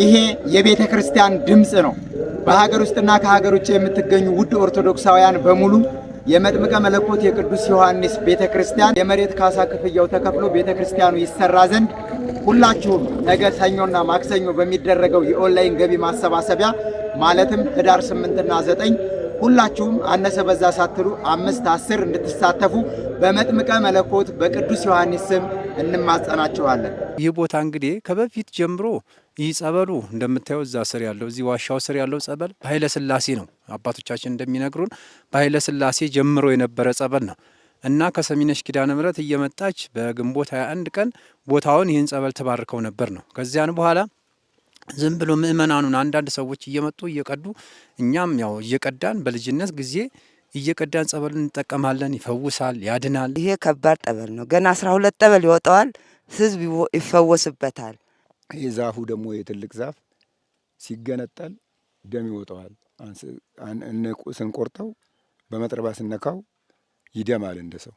ይሄ የቤተ ክርስቲያን ድምፅ ነው። በሀገር ውስጥና ከሀገር ውጭ የምትገኙ ውድ ኦርቶዶክሳውያን በሙሉ የመጥምቀ መለኮት የቅዱስ ዮሐንስ ቤተ ክርስቲያን የመሬት ካሳ ክፍያው ተከፍሎ ቤተ ክርስቲያኑ ይሰራ ዘንድ ሁላችሁም ነገ ሰኞና ማክሰኞ በሚደረገው የኦንላይን ገቢ ማሰባሰቢያ ማለትም ህዳር 8ና 9 ሁላችሁም አነሰ በዛ ሳትሉ አምስት አስር እንድትሳተፉ በመጥምቀ መለኮት በቅዱስ ዮሐንስ ስም እንማጸናችኋለን። ይህ ቦታ እንግዲህ ከበፊት ጀምሮ ይህ ጸበሉ እንደምታየው እዛ ስር ያለው እዚህ ዋሻው ስር ያለው ጸበል በኃይለ ስላሴ ነው። አባቶቻችን እንደሚነግሩን በኃይለ ስላሴ ጀምሮ የነበረ ጸበል ነው እና ከሰሚነሽ ኪዳነ ምሕረት እየመጣች በግንቦት 21 ቀን ቦታውን ይህን ጸበል ተባርከው ነበር ነው። ከዚያን በኋላ ዝም ብሎ ምእመናኑን አንዳንድ ሰዎች እየመጡ እየቀዱ እኛም ያው እየቀዳን በልጅነት ጊዜ እየቀዳን ጸበል እንጠቀማለን። ይፈውሳል፣ ያድናል። ይሄ ከባድ ጠበል ነው። ገና አስራ ሁለት ጠበል ይወጣዋል። ህዝብ ይፈወስበታል። ይሄ ዛፉ ደግሞ የትልቅ ዛፍ ሲገነጠል ደም ይወጣዋል። ስንቆርጠው በመጥረባ ስነካው ይደማል እንደ ሰው።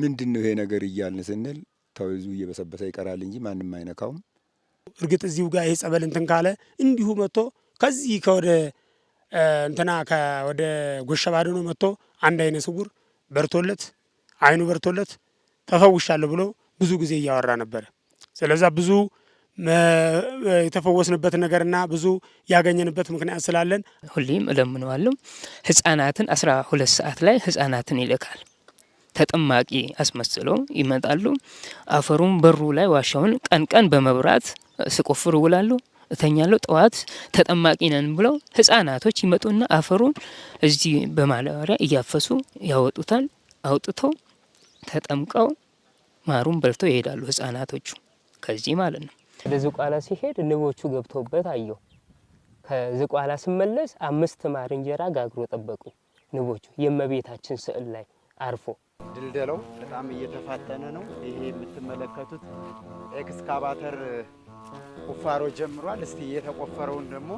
ምንድን ነው ይሄ ነገር እያልን ስንል ተወዙ እየበሰበሰ ይቀራል እንጂ ማንም አይነካውም። እርግጥ እዚሁ ጋር ይሄ ጸበል እንትን ካለ እንዲሁ መጥቶ ከዚህ ከወደ እንትና ወደ ጎሸባድኖ መጥቶ አንድ አይነ ስውር በርቶለት አይኑ በርቶለት ተፈውሻለሁ ብሎ ብዙ ጊዜ እያወራ ነበረ። ስለዛ ብዙ የተፈወስንበት ነገርና ብዙ ያገኘንበት ምክንያት ስላለን ሁሌም እለምነዋለሁ። ህጻናትን አስራ ሁለት ሰዓት ላይ ህጻናትን ይልካል። ተጠማቂ አስመስለው ይመጣሉ። አፈሩን በሩ ላይ ዋሻውን ቀን ቀን በመብራት ስቆፍር ውላሉ። እተኛለሁ። ጠዋት ተጠማቂ ነን ብለው ህጻናቶች ይመጡና አፈሩን እዚህ በማለበሪያ እያፈሱ ያወጡታል። አውጥተው ተጠምቀው ማሩን በልተው ይሄዳሉ ህጻናቶቹ ከዚህ ማለት ነው። ወደ ዝቋላ ሲሄድ ንቦቹ ገብተውበት አየው። ከዝቋላ ስመለስ አምስት ማር እንጀራ ጋግሮ ጠበቁ ንቦቹ የእመቤታችን ስዕል ላይ አርፎ ድልደለው በጣም እየተፋጠነ ነው። ይሄ የምትመለከቱት ኤክስካቫተር ቁፋሮ ጀምሯል። እስቲ እየተቆፈረውን ደግሞ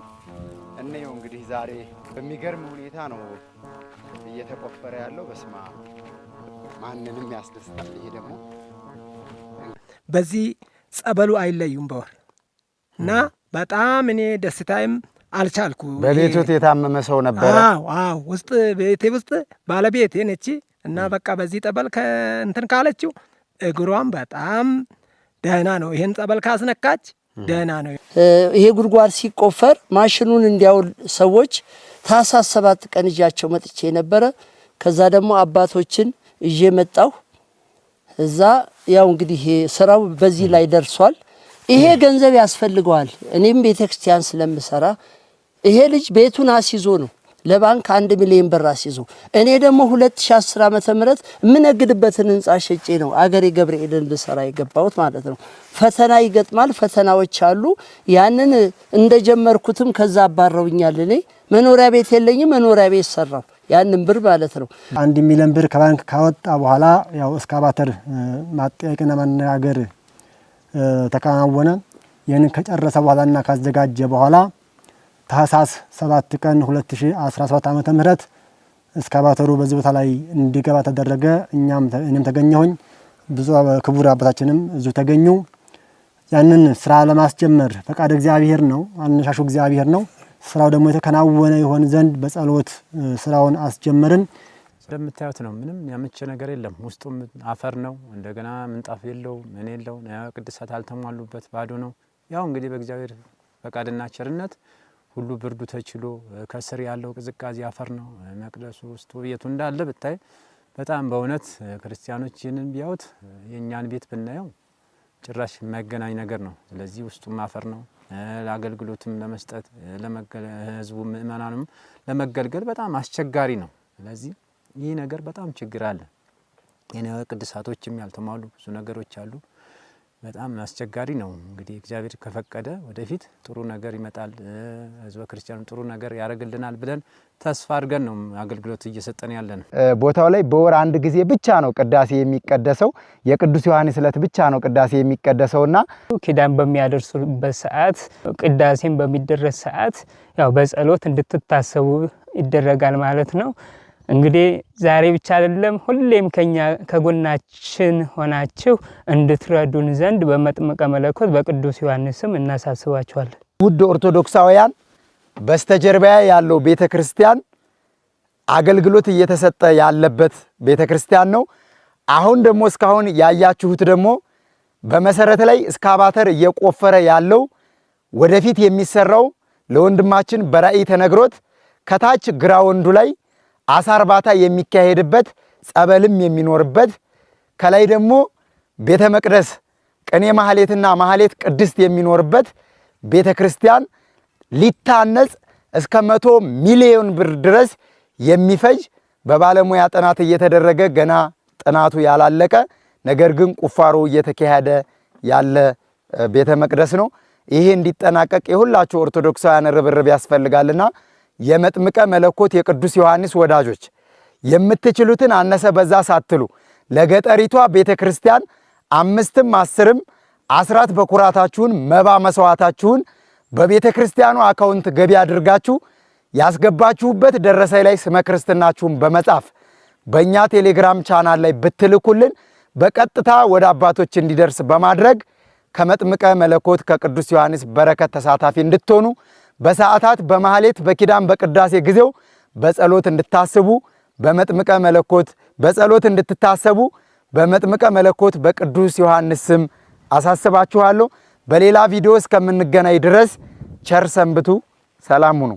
እንየው። እንግዲህ ዛሬ በሚገርም ሁኔታ ነው እየተቆፈረ ያለው። በስማ ማንንም ያስደስታል። ይሄ ደግሞ በዚህ ጸበሉ አይለዩም በወር እና በጣም እኔ ደስታይም አልቻልኩ። በቤቱት የታመመ ሰው ነበረ። አዎ አዎ፣ ውስጥ ቤቴ ውስጥ ባለቤቴ ነች እና በቃ በዚህ ጠበል እንትን ካለችው እግሯም በጣም ደህና ነው። ይሄን ጸበል ካስነካች ደህና ነው። ይሄ ጉድጓድ ሲቆፈር ማሽኑን እንዲያውል ሰዎች ታኅሳስ ሰባት ቀን እጃቸው መጥቼ ነበረ። ከዛ ደግሞ አባቶችን እዤ መጣሁ እዛ ያው እንግዲህ ስራው በዚህ ላይ ደርሷል። ይሄ ገንዘብ ያስፈልገዋል። እኔም ቤተክርስቲያን ስለምሰራ ይሄ ልጅ ቤቱን አስይዞ ነው ለባንክ አንድ ሚሊዮን ብር አስይዞ እኔ ደግሞ 2010 ዓመተ ምህረት የምነግድበትን ህንፃ ሸጬ ነው አገሬ ገብርኤልን ልሰራ የገባሁት ማለት ነው። ፈተና ይገጥማል፣ ፈተናዎች አሉ። ያንን እንደጀመርኩትም ከዛ አባረውኛል። እኔ መኖሪያ ቤት የለኝም፣ መኖሪያ ቤት ሰራው። ያንን ብር ማለት ነው። አንድ ሚሊዮን ብር ከባንክ ካወጣ በኋላ ያው እስካባተር ማጠያየቅና ማነጋገር ተከናወነ። ይህንን ከጨረሰ በኋላና ካዘጋጀ በኋላ ታህሳስ 7 ቀን 2017 ዓመተ ምህረት እስካባተሩ በዚህ ቦታ ላይ እንዲገባ ተደረገ። እኛም እኔም ተገኘሁኝ። ብዙ ክቡር አባታችንም እዚሁ ተገኙ። ያንን ስራ ለማስጀመር ፈቃድ እግዚአብሔር ነው፣ አነሻሹ እግዚአብሔር ነው። ስራው ደግሞ የተከናወነ ይሆን ዘንድ በጸሎት ስራውን አስጀመርን። እንደምታዩት ነው። ምንም ያመቸ ነገር የለም። ውስጡም አፈር ነው። እንደገና ምንጣፍ የለው ምን የለው ቅድሳት አልተሟሉበት ባዶ ነው። ያው እንግዲህ በእግዚአብሔር ፈቃድና ቸርነት ሁሉ ብርዱ ተችሎ ከስር ያለው ቅዝቃዜ አፈር ነው። መቅደሱ ውስጡ ቤቱ እንዳለ ብታይ በጣም በእውነት ክርስቲያኖች ይህንን ቢያዩት የእኛን ቤት ብናየው ጭራሽ የማይገናኝ ነገር ነው። ስለዚህ ውስጡም አፈር ነው። ለአገልግሎትም ለመስጠት ህዝቡ ምእመናንም ለመገልገል በጣም አስቸጋሪ ነው። ስለዚህ ይህ ነገር በጣም ችግር አለ። የንዋየ ቅድሳቶችም ያልተሟሉ ብዙ ነገሮች አሉ። በጣም አስቸጋሪ ነው። እንግዲህ እግዚአብሔር ከፈቀደ ወደፊት ጥሩ ነገር ይመጣል፣ ህዝበ ክርስቲያኑ ጥሩ ነገር ያደርግልናል ብለን ተስፋ አድርገን ነው አገልግሎት እየሰጠን ያለን። ቦታው ላይ በወር አንድ ጊዜ ብቻ ነው ቅዳሴ የሚቀደሰው። የቅዱስ ዮሐንስ ዕለት ብቻ ነው ቅዳሴ የሚቀደሰው እና ኪዳን በሚያደርሱበት ሰዓት፣ ቅዳሴን በሚደረስ ሰዓት ያው በጸሎት እንድትታሰቡ ይደረጋል ማለት ነው። እንግዲህ ዛሬ ብቻ አይደለም ሁሌም ከኛ ከጎናችን ሆናችሁ እንድትረዱን ዘንድ በመጥምቀ መለኮት በቅዱስ ዮሐንስ ስም እናሳስባችኋለን። ውድ ኦርቶዶክሳውያን በስተጀርባ ያለው ቤተ ክርስቲያን አገልግሎት እየተሰጠ ያለበት ቤተ ክርስቲያን ነው። አሁን ደግሞ እስካሁን ያያችሁት ደግሞ በመሰረት ላይ እስካባተር እየቆፈረ ያለው ወደፊት የሚሰራው ለወንድማችን በራእይ ተነግሮት ከታች ግራ ወንዱ ላይ አሳ እርባታ የሚካሄድበት ጸበልም የሚኖርበት ከላይ ደግሞ ቤተ መቅደስ ቅኔ ማህሌትና ማህሌት ቅድስት የሚኖርበት ቤተ ክርስቲያን ሊታነጽ እስከ መቶ ሚሊዮን ብር ድረስ የሚፈጅ በባለሙያ ጥናት እየተደረገ ገና ጥናቱ ያላለቀ ነገር ግን ቁፋሮ እየተካሄደ ያለ ቤተ መቅደስ ነው። ይሄ እንዲጠናቀቅ የሁላችሁ ኦርቶዶክሳውያን ርብርብ ያስፈልጋልና የመጥምቀ መለኮት የቅዱስ ዮሐንስ ወዳጆች የምትችሉትን አነሰ በዛ ሳትሉ ለገጠሪቷ ቤተ ክርስቲያን አምስትም አስርም አስራት በኩራታችሁን መባ መስዋዕታችሁን በቤተ ክርስቲያኑ አካውንት ገቢ አድርጋችሁ ያስገባችሁበት ደረሰኝ ላይ ስመ ክርስትናችሁን በመጻፍ በእኛ ቴሌግራም ቻናል ላይ ብትልኩልን በቀጥታ ወደ አባቶች እንዲደርስ በማድረግ ከመጥምቀ መለኮት ከቅዱስ ዮሐንስ በረከት ተሳታፊ እንድትሆኑ በሰዓታት በማህሌት በኪዳን በቅዳሴ ጊዜው በጸሎት እንድታስቡ በመጥምቀ መለኮት በጸሎት እንድትታሰቡ በመጥምቀ መለኮት በቅዱስ ዮሐንስ ስም አሳስባችኋለሁ። በሌላ ቪዲዮ እስከምንገናኝ ድረስ ቸር ሰንብቱ። ሰላም ሁኑ።